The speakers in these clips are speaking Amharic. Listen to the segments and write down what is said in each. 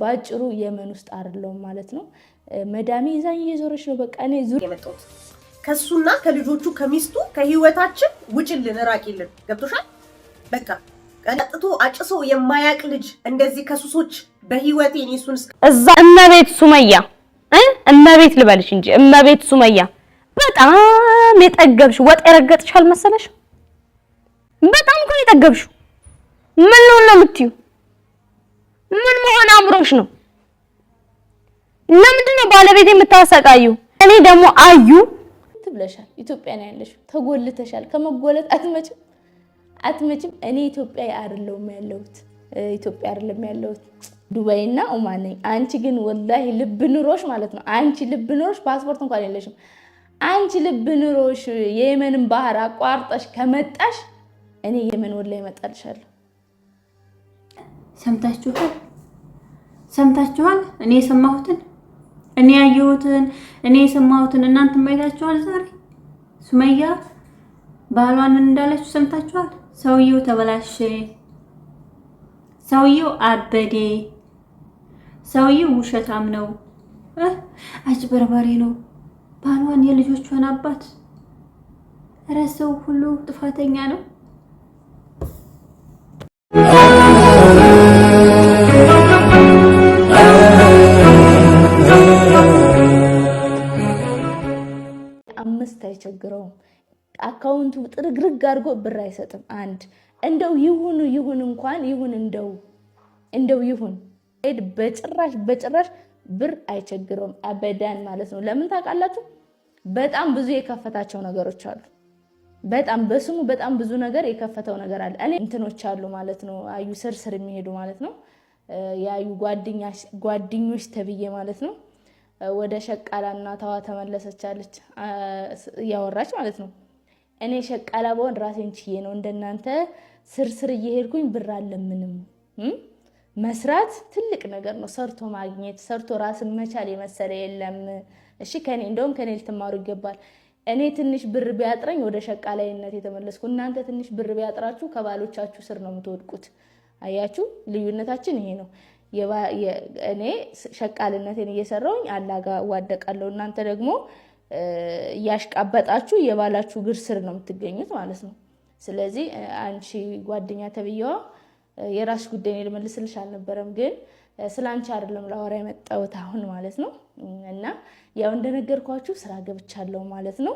ባጭሩ የመን ውስጥ አይደለሁም ማለት ነው። መዳሚ ይዛኝ እየዞረች ነው። በቃ እኔ ዙር የመጣሁት ከእሱና ከልጆቹ ከሚስቱ ከህይወታችን ውጭልን፣ ራቂልን። ገብቶሻል? በቃ ቀጥቶ አጭሶ የማያቅ ልጅ እንደዚህ ከሱሶች በህይወት በህይወቴ እሱን እዛ እመቤት ሱመያ እመቤት ልበልሽ እንጂ እመቤት ሱመያ በጣም የጠገብሽ ወጥ የረገጥሽ አልመሰለሽ? በጣም እኮ የጠገብሽ ምን ነው ነው የምትዩ ምን አምሮሽ ነው? ለምንድን ነው ባለቤት የምታሰቃዩ? እኔ ደግሞ አዩ ትብለሻል። ኢትዮጵያ ነው ያለሽው፣ ተጎልተሻል። ከመጎለት አትመጭም አትመጭም። እኔ ኢትዮጵያ አይደለሁም ያለሁት ኢትዮጵያ አይደለም ያለሁት ዱባይ እና ኦማን ነኝ። አንቺ ግን ወላሂ ልብ ኑሮሽ ማለት ነው። አንቺ ልብ ኑሮሽ ፓስፖርት እንኳን የለሽም። አንቺ ልብ ኑሮሽ የየመንን ባህር አቋርጠሽ ከመጣሽ እኔ የመን ወላሂ እመጣልሻለሁ። ሰምታችኋል። ሰምታችኋል? እኔ የሰማሁትን እኔ ያየሁትን እኔ የሰማሁትን እናንተ ማየታችኋል? ዛሬ ሱመያ ባሏን እንዳለችው ሰምታችኋል? ሰውየው ተበላሸ፣ ሰውየው አበዴ፣ ሰውየው ውሸታም ነው፣ አጭበርባሪ ነው። ባሏን የልጆቿን አባት ረሰው ሁሉ ጥፋተኛ ነው። አያስቸግረውም። አካውንቱ ጥርግርግ አድርጎ ብር አይሰጥም። አንድ እንደው ይሁኑ ይሁን እንኳን ይሁን እንደው እንደው ይሁን ሄድ በጭራሽ በጭራሽ ብር አይቸግረውም። አበዳን ማለት ነው። ለምን ታውቃላችሁ? በጣም ብዙ የከፈታቸው ነገሮች አሉ። በጣም በስሙ በጣም ብዙ ነገር የከፈተው ነገር አለ። እኔ እንትኖች አሉ ማለት ነው። አዩ ስር ስር የሚሄዱ ማለት ነው። ያዩ ጓደኞች ተብዬ ማለት ነው ወደ ሸቃላ እናታዋ ተመለሰች እያወራች ማለት ነው። እኔ ሸቃላ በሆን ራሴን ችዬ ነው እንደናንተ ስርስር እየሄድኩኝ ብር አለምንም። መስራት ትልቅ ነገር ነው። ሰርቶ ማግኘት፣ ሰርቶ ራስን መቻል የመሰለ የለም። እሺ ከኔ እንደውም ከኔ ልትማሩ ይገባል። እኔ ትንሽ ብር ቢያጥረኝ ወደ ሸቃላይነት የተመለስኩ፣ እናንተ ትንሽ ብር ቢያጥራችሁ ከባሎቻችሁ ስር ነው የምትወድቁት። አያችሁ ልዩነታችን ይሄ ነው። እኔ ሸቃልነቴን እየሰራውኝ አላጋ እዋደቃለሁ። እናንተ ደግሞ እያሽቃበጣችሁ የባላችሁ እግር ስር ነው የምትገኙት ማለት ነው። ስለዚህ አንቺ ጓደኛ ተብዬዋ የራስሽ ጉዳይ ልመልስልሽ አልነበረም፣ ግን ስለ አንቺ አይደለም ላወራ የመጣሁት አሁን ማለት ነው። እና ያው እንደነገርኳችሁ ስራ ገብቻለሁ ማለት ነው።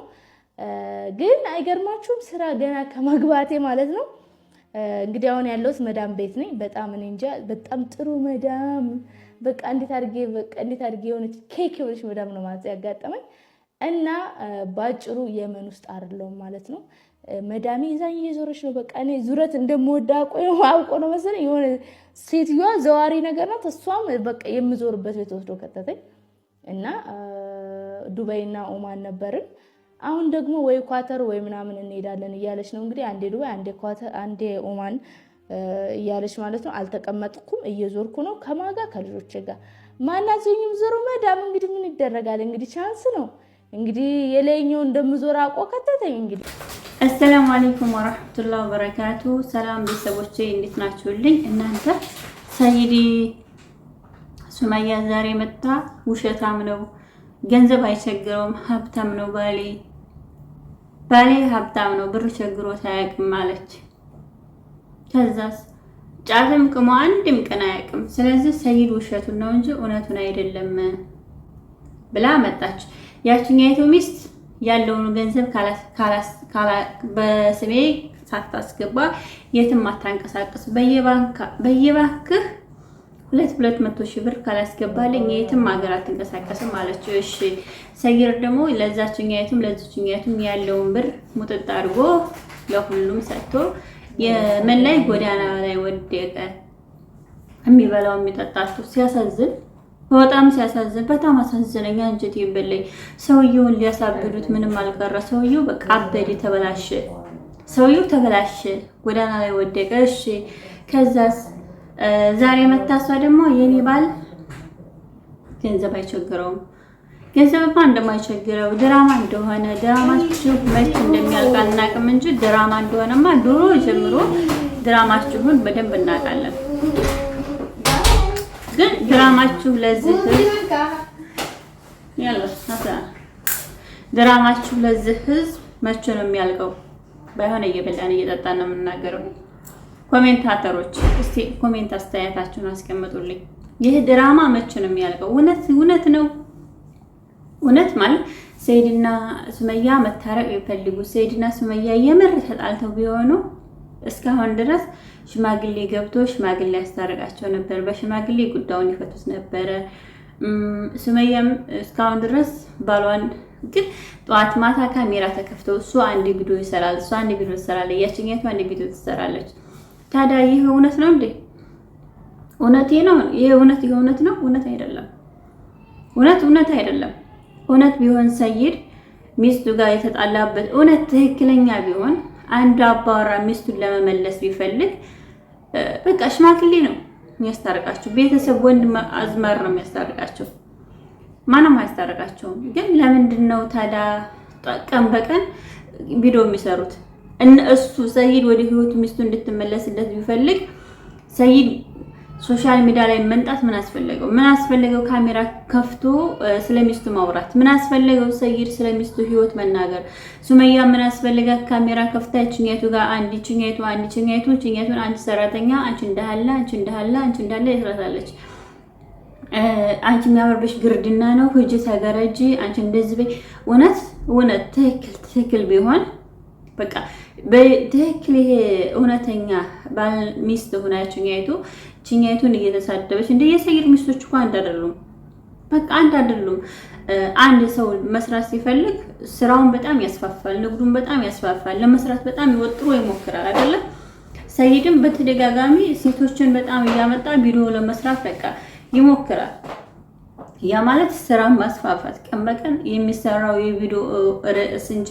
ግን አይገርማችሁም? ስራ ገና ከመግባቴ ማለት ነው እንግዲህ አሁን ያለሁት መዳም ቤት ነኝ። በጣም እኔ እንጃ በጣም ጥሩ መዳም በቃ እንዴት አድርጌ በቃ እንዴት አድርጌ የሆነች ኬክ የሆነች መዳም ነው ማለት ያጋጠመኝ እና በአጭሩ የመን ውስጥ አይደለሁም ማለት ነው። መዳሚ ይዛኝ እየዞረች ነው። በቃ እኔ ዙረት እንደምወዳ አውቆ ነው መሰለኝ የሆነ ሴትዮዋ ዘዋሪ ነገር ናት። እሷም በቃ የምዞርበት ቤት ወስዶ ከተተኝ እና ዱባይና ኦማን ነበርን። አሁን ደግሞ ወይ ኳተር ወይ ምናምን እንሄዳለን እያለች ነው እንግዲህ አንዴ ዱባይ አንዴ ኳተር አንዴ ኦማን እያለች ማለት ነው። አልተቀመጥኩም፣ እየዞርኩ ነው ከማጋ ከልጆች ጋር ማናዘኝም ዞሮ መዳም እንግዲህ ምን ይደረጋል እንግዲህ ቻንስ ነው እንግዲህ የላይኛው እንደምዞር አቆ ከተተኝ እንግዲህ አሰላሙ አለይኩም ወራህመቱላ ወበረካቱ። ሰላም ቤተሰቦቼ እንዴት ናችሁልኝ እናንተ? ሰይዲ ሱመያ ዛሬ መጣ ውሸታም ነው ገንዘብ አይቸግረውም፣ ሀብታም ነው ባሌ ባሌ ሀብታም ነው ብር ቸግሮት አያውቅም አለች። ከዛስ ጫትም ቅሞ አንድም ቀን አያውቅም። ስለዚህ ሰይድ ውሸቱን ነው እንጂ እውነቱን አይደለም ብላ መጣች። ያችኛይቱ ሚስት ያለውን ገንዘብ በስሜ ሳታስገባ የትም አታንቀሳቀስ፣ በየባንክህ ሁለት ሁለት መቶ ሺህ ብር ካላስገባልኝ የትም ሀገር አትንቀሳቀስም አለችው። እሺ ሰይር ደግሞ ለዛችኛየቱም ለዛችኛይቱም ያለውን ብር ሙጥጥ አድርጎ ለሁሉም ሰጥቶ የምን ላይ ጎዳና ላይ ወደቀ። የሚበላው የሚጠጣቱ ሲያሳዝን በጣም ሲያሳዝን፣ በጣም አሳዝነኝ። አንጀት ይበለኝ። ሰውየውን ሊያሳብዱት ምንም አልቀረ። ሰውየው በቃ አበደ፣ ተበላሸ። ሰውየው ተበላሸ፣ ጎዳና ላይ ወደቀ። እሺ ከዛስ ዛሬ መታሷ ደግሞ የኔ ባል ገንዘብ አይቸግረውም፣ ገንዘብማ እንደማይቸግረው ድራማ እንደሆነ ድራማችሁ መች እንደሚያልቅ አናውቅም እንጂ ድራማ እንደሆነማ ድሮ ጀምሮ ድራማችሁን በደንብ እናውቃለን። ግን ድራማችሁ ለዚህ ድራማችሁ ለዚህ ህዝብ መቼ ነው የሚያልቀው? ባይሆን እየበላን እየጠጣን ነው የምናገረው። ኮሜንታተሮች እስቲ ኮሜንት አስተያየታችሁን አስቀምጡልኝ። ይህ ድራማ መቼ ነው የሚያልቀው? እውነት እውነት ነው እውነት ማለት ሰይድና ሱመያ መታረቅ ይፈልጉ ሰይድና ሱመያ የምር ተጣልተው ቢሆኑ እስካሁን ድረስ ሽማግሌ ገብቶ ሽማግሌ ያስታረቃቸው ነበር። በሽማግሌ ጉዳዩን ይፈቱት ነበረ። ሱመያም እስካሁን ድረስ ባሏን ግን ጠዋት ማታ ካሜራ ተከፍተው እሱ አንድ ቪዲዮ ይሰራል፣ እሱ አንድ ቪዲዮ ትሰራለች፣ ያችኛቱ አንድ ቪዲዮ ትሰራለች። ታዲያ ይህ እውነት ነው እንዴ? እውነቴ ነው። ይህ እውነት የእውነት ነው? እውነት አይደለም። እውነት እውነት አይደለም። እውነት ቢሆን ሰይድ ሚስቱ ጋር የተጣላበት እውነት ትክክለኛ ቢሆን አንድ አባወራ ሚስቱን ለመመለስ ቢፈልግ በቃ ሽማግሌ ነው የሚያስታርቃቸው። ቤተሰብ ወንድ አዝማር ነው የሚያስታርቃቸው። ማንም አያስታርቃቸውም። ግን ለምንድን ነው ታዲያ ቀን በቀን ቪዲዮ የሚሰሩት? እሱ ሰይድ ወደ ህይወት ሚስቱ እንድትመለስለት ቢፈልግ ሰይድ ሶሻል ሚዲያ ላይ መምጣት ምን አስፈለገው? ምን አስፈለገው? ካሜራ ከፍቶ ስለሚስቱ ማውራት ምን አስፈለገው? ሰይድ ስለሚስቱ ህይወት መናገር ሱመያ ምን አስፈለጋት? ካሜራ ከፍታ ችኛቱ ጋር አንድ ችኛቱ አንድ ችኛቱ ችኛቱን አንቺ ሰራተኛ አንቺ እንዳለ አንቺ እንዳለ አንቺ እንዳለ ትላታለች። አንቺ የሚያበርብሽ ግርድና ነው፣ ሂጂ ተገረጂ፣ አንቺ እንደዚህ በይ። እውነት እውነት ትክክል ትክክል ቢሆን በቃ በትክክል ይሄ እውነተኛ ባል ሚስት ሆና ችኛይቱ ችኛይቱን እየተሳደበች እንደ የሰይድ ሚስቶች እኮ አንድ አይደሉም። በቃ አንድ አይደሉም። አንድ ሰው መስራት ሲፈልግ ስራውን በጣም ያስፋፋል፣ ንግዱን በጣም ያስፋፋል፣ ለመስራት በጣም ይወጥሮ ይሞክራል አይደለም። ሰይድም በተደጋጋሚ ሴቶችን በጣም እያመጣ ቪዲዮ ለመስራት በቃ ይሞክራል። ያ ማለት ስራን ማስፋፋት ቀን በቀን የሚሰራው የቪዲዮ ርዕስ እንጂ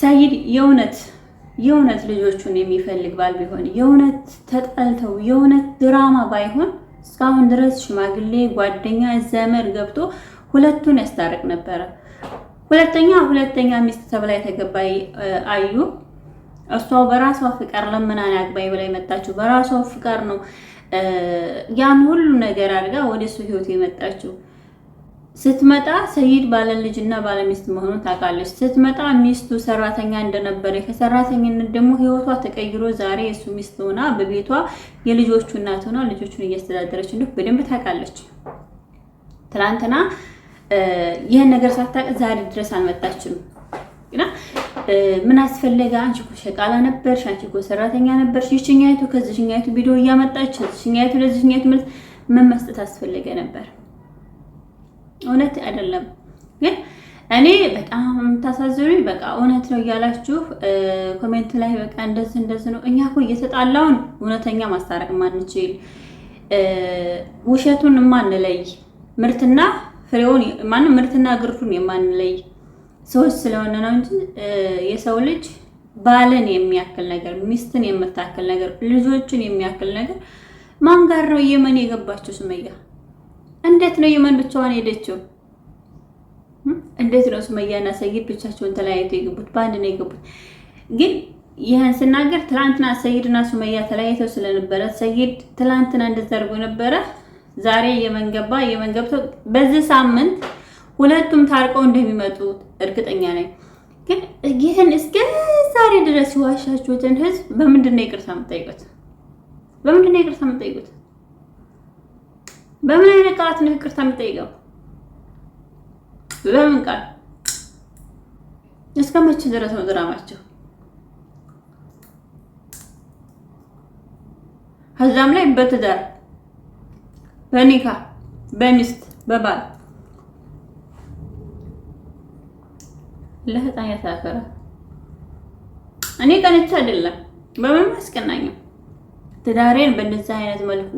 ሰኢድ የእውነት የእውነት ልጆቹን የሚፈልግ ባል ቢሆን የእውነት ተጠልተው የእውነት ድራማ ባይሆን እስካሁን ድረስ ሽማግሌ፣ ጓደኛ፣ ዘመድ ገብቶ ሁለቱን ያስታርቅ ነበረ። ሁለተኛ ሁለተኛ ሚስት ተብላ የተገባ አዩ እሷ በራሷ ፍቃድ ለምናን አግባኝ ብላ የመጣችው በራሷ ፍቃድ ነው። ያን ሁሉ ነገር አድርጋ ወደ እሱ ህይወት የመጣችው ስትመጣ ሰይድ ልጅ እና ባለሚስት መሆኑን ታውቃለች። ስትመጣ ሚስቱ ሰራተኛ እንደነበረ ከሰራተኝነት ደግሞ ህይወቷ ተቀይሮ ዛሬ የእሱ ሚስት ሆና በቤቷ የልጆቹ እናት ሆና ልጆቹን እያስተዳደረች እንዲሁ በደንብ ታውቃለች። ትናንትና ይህን ነገር ሳታውቅ ዛሬ ድረስ አልመጣችም። ግና ምን አስፈለገ? አንቺ እኮ ሸቃላ ነበርሽ፣ አንቺ እኮ ሰራተኛ ነበርሽ። ይችኛይቱ ከዚችኛይቱ ቪዲዮ እያመጣች ችኛይቱ ለዚችኛይቱ መልስ ምን መስጠት አስፈለገ ነበር? እውነት አይደለም ግን እኔ በጣም የምታሳዝኑ በቃ እውነት ነው እያላችሁ ኮሜንት ላይ በቃ እንደዚህ እንደዚህ ነው። እኛ እኮ እየተጣላውን እውነተኛ ማስታረቅ ማንችል ውሸቱን የማንለይ ምርትና ፍሬውን ማን ምርትና ግርዱን የማንለይ ሰዎች ስለሆነ ነው እንጂ የሰው ልጅ ባልን የሚያክል ነገር፣ ሚስትን የምታክል ነገር፣ ልጆችን የሚያክል ነገር ማን ጋር ነው የመን የገባችሁ? ስመያ እንዴት ነው የመን ብቻዋን ሄደችው? እንዴት ነው ሱመያና ሰይድ ብቻቸውን ተለያይተው የገቡት? በአንድ ነው የገቡት። ግን ይህን ስናገር ትላንትና ሰይድና ሱመያ ተለያይተው ስለነበረ ሰይድ ትላንትና እንደዛ አድርጎ ነበረ። ዛሬ የመን ገባ። የመን በዚህ ሳምንት ሁለቱም ታርቀው እንደሚመጡ እርግጠኛ ነኝ። ግን ይህን እስከ ዛሬ ድረስ የዋሻችሁትን ህዝብ በምንድን ነው ይቅርታ የምጠይቁት? በምንድን ነው ይቅርታ የምጠይቁት? በምን አይነት ቃላት ነው ይቅርታ የምጠይቀው? በምን ቃል? እስከ መቼ ድረስ ነው ድራማቸው? ከዛም ላይ በትዳር በኒካ በሚስት በባል ለህጣን ያሳፈረ እኔ ቀንቻ አይደለም በምንም አስቀናኝም ትዳሬን በእንደዚህ አይነት መልኩ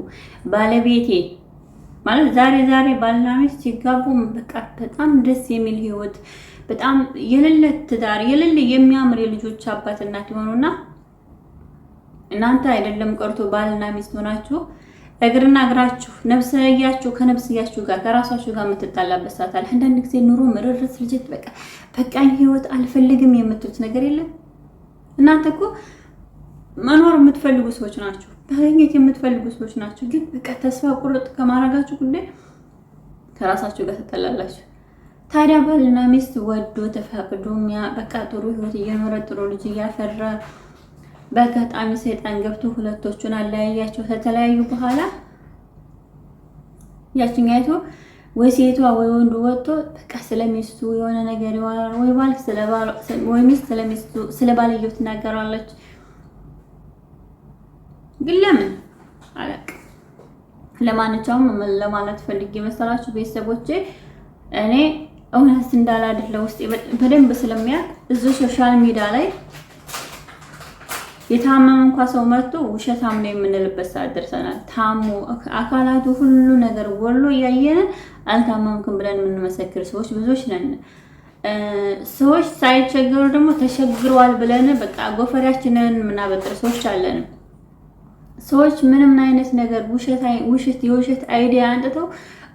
ባለቤቴ ማለት ዛሬ ዛሬ ባልና ሚስት ሲጋቡ በቃ በጣም ደስ የሚል ህይወት፣ በጣም የሌለ ትዳር፣ የሌለ የሚያምር የልጆች አባት እናት የሆኑና እናንተ አይደለም ቀርቶ ባልና ሚስት ሆናችሁ እግርና እግራችሁ ነብስያችሁ ከነብስያችሁ ጋር ከራሳችሁ ጋር የምትጣላበት ሰዓት አለ። አንዳንድ ጊዜ ኑሮ ምርርስ ልጅት በቃ በቃኝ ህይወት አልፈልግም የምትሉት ነገር የለም። እናንተ እኮ መኖር የምትፈልጉ ሰዎች ናችሁ። ማግኘት የምትፈልጉ ሰዎች ናቸው። ግን በቃ ተስፋ ቁርጥ ከማድረጋችሁ ጉዳይ ከራሳችሁ ጋር ትጠላላችሁ። ታዲያ ባልና ሚስት ወዶ ተፈቅዶ በቃ ጥሩ ህይወት እየኖረ ጥሩ ልጅ እያፈራ በአጋጣሚ ሰይጣን ገብቶ ሁለቶቹን አለያያቸው። ከተለያዩ በኋላ ያችኛይቱ ወይ ሴቷ ወይ ወንዱ ወጥቶ በቃ ስለሚስቱ የሆነ ነገር ይሆናል ወይ ባል ስለባል ወይ ሚስት ስለሚስቱ ስለባልየው ትናገራለች። ግን ለምን አላውቅም። ለማንኛውም ለማለት ፈልጌ መሰላችሁ ቤተሰቦቼ እኔ እውነት እንዳላደለ ውስጥ በደንብ ስለሚያውቅ እዚሁ ሶሻል ሚዲያ ላይ የታመመ እንኳ ሰው መጥቶ ውሸታም ነው የምንልበት ሰዓት ደርሰናል። ታሞ አካላቱ ሁሉ ነገር ወሎ እያየንን አልታመምክም ብለን የምንመሰክር ሰዎች ብዙዎች ነን። ሰዎች ሳይቸገሩ ደግሞ ተሸግረዋል ብለን በቃ ጎፈሪያችንን የምናበጥር ሰዎች አለንም። ሰዎች ምንም አይነት ነገር ውሸት የውሸት አይዲያ አንጥተው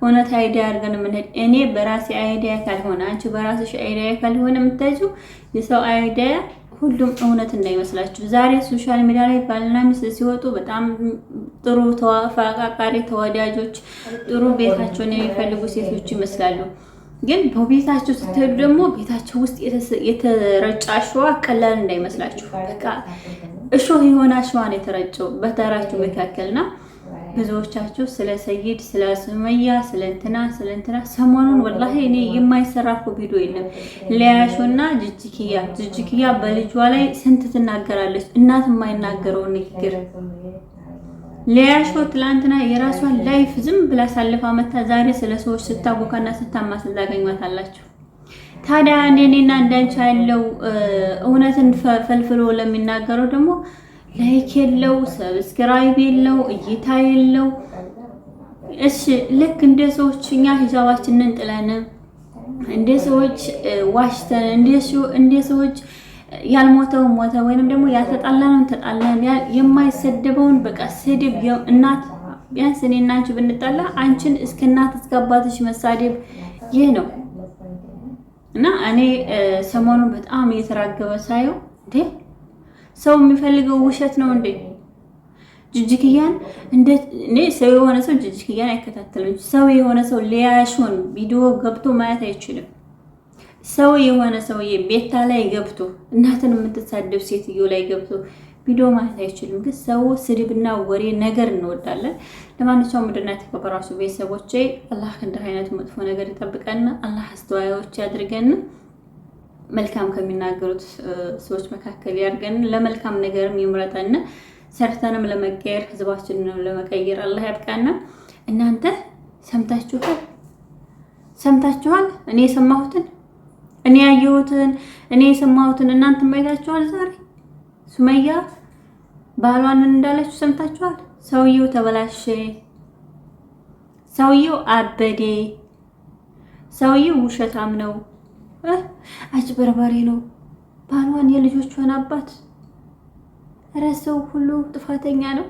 እውነት አይዲያ አድርገን የምንሄድ እኔ በራሴ አይዲያ ካልሆነ አንቺ በራስሽ አይዲያ ካልሆነ የምታይው የሰው አይዲያ ሁሉም እውነት እንዳይመስላችሁ። ዛሬ ሶሻል ሚዲያ ላይ ባልና ሚስት ሲወጡ በጣም ጥሩ ተፋቃቃሪ፣ ተወዳጆች፣ ጥሩ ቤታቸውን የሚፈልጉ ሴቶች ይመስላሉ። ግን በቤታቸው ስትሄዱ ደግሞ ቤታቸው ውስጥ የተረጫሸዋ ቀላል እንዳይመስላችሁ በቃ እሾህ የሆነ አሸዋ የተረጨው በተራችሁ መካከልና ብዙዎቻችሁ ስለ ሰይድ ስለ ሱመያ ስለ እንትና ስለ እንትና ሰሞኑን ወላሂ እኔ የማይሰራ ቪዲዮ የለም። ለያሾና ጅጅክያ ጅጅክያ በልጇ ላይ ስንት ትናገራለች እናት የማይናገረው ንግግር። ለያሾ ትላንትና የራሷን ላይፍ ዝም ብላ ሳልፋ መታ ዛሬ ስለ ሰዎች ስታቦካና ስታማስል ታገኟታላችሁ። ታዲያ እኔና እንዳንቺ ያለው እውነትን ፈልፍሎ ለሚናገረው ደግሞ ላይክ የለው፣ ሰብስክራይብ የለው፣ እይታ የለው። እሺ ልክ እንደ ሰዎች እኛ ሂጃባችንን ጥለን እንደ ሰዎች ዋሽተን እንደ ሰዎች ያልሞተውን ሞተ ወይንም ደግሞ ያልተጣላነውን ተጣላን የማይሰደበውን በቃ ስድብ እናት ቢያንስ እኔ እናንቺ ብንጣላ አንቺን እስከ እናት እስከ አባትሽ መሳደብ ይህ ነው። እና እኔ ሰሞኑን በጣም እየተራገበ ሳየው እንዴ ሰው የሚፈልገው ውሸት ነው እንዴ? ጅጅክያን እኔ ሰው የሆነ ሰው ጅጅክያን አይከታተልም። ሰው የሆነ ሰው ሊያሾን ቪዲዮ ገብቶ ማየት አይችልም። ሰው የሆነ ሰው ቤታ ላይ ገብቶ እናትን የምትሳደብ ሴትዮ ላይ ገብቶ ቪዲዮ ማለት አይችልም፣ ግን ሰው ስድብና ወሬ ነገር እንወዳለን። ለማንኛውም ምድና የተከበራችሁ ቤተሰቦቼ አላህ ከእንዲህ አይነት መጥፎ ነገር ይጠብቀን፣ አላህ አስተዋዮች ያድርገን፣ መልካም ከሚናገሩት ሰዎች መካከል ያድርገን፣ ለመልካም ነገርም ይምረጠን፣ ሰርተንም ለመቀየር ህዝባችንንም ለመቀየር አላህ ያብቃና። እናንተ ሰምታችኋል? ሰምታችኋል? እኔ የሰማሁትን እኔ ያየሁትን እኔ የሰማሁትን እናንተ ማየታችኋል ዛሬ ሱመያ ባሏን እንዳለችው ሰምታችኋል። ሰውየው ተበላሸ፣ ሰውየው አበዴ፣ ሰውየው ውሸታም ነው፣ አጭበርባሪ ነው። ባሏን የልጆቿን አባት ረሰው ሁሉ ጥፋተኛ ነው።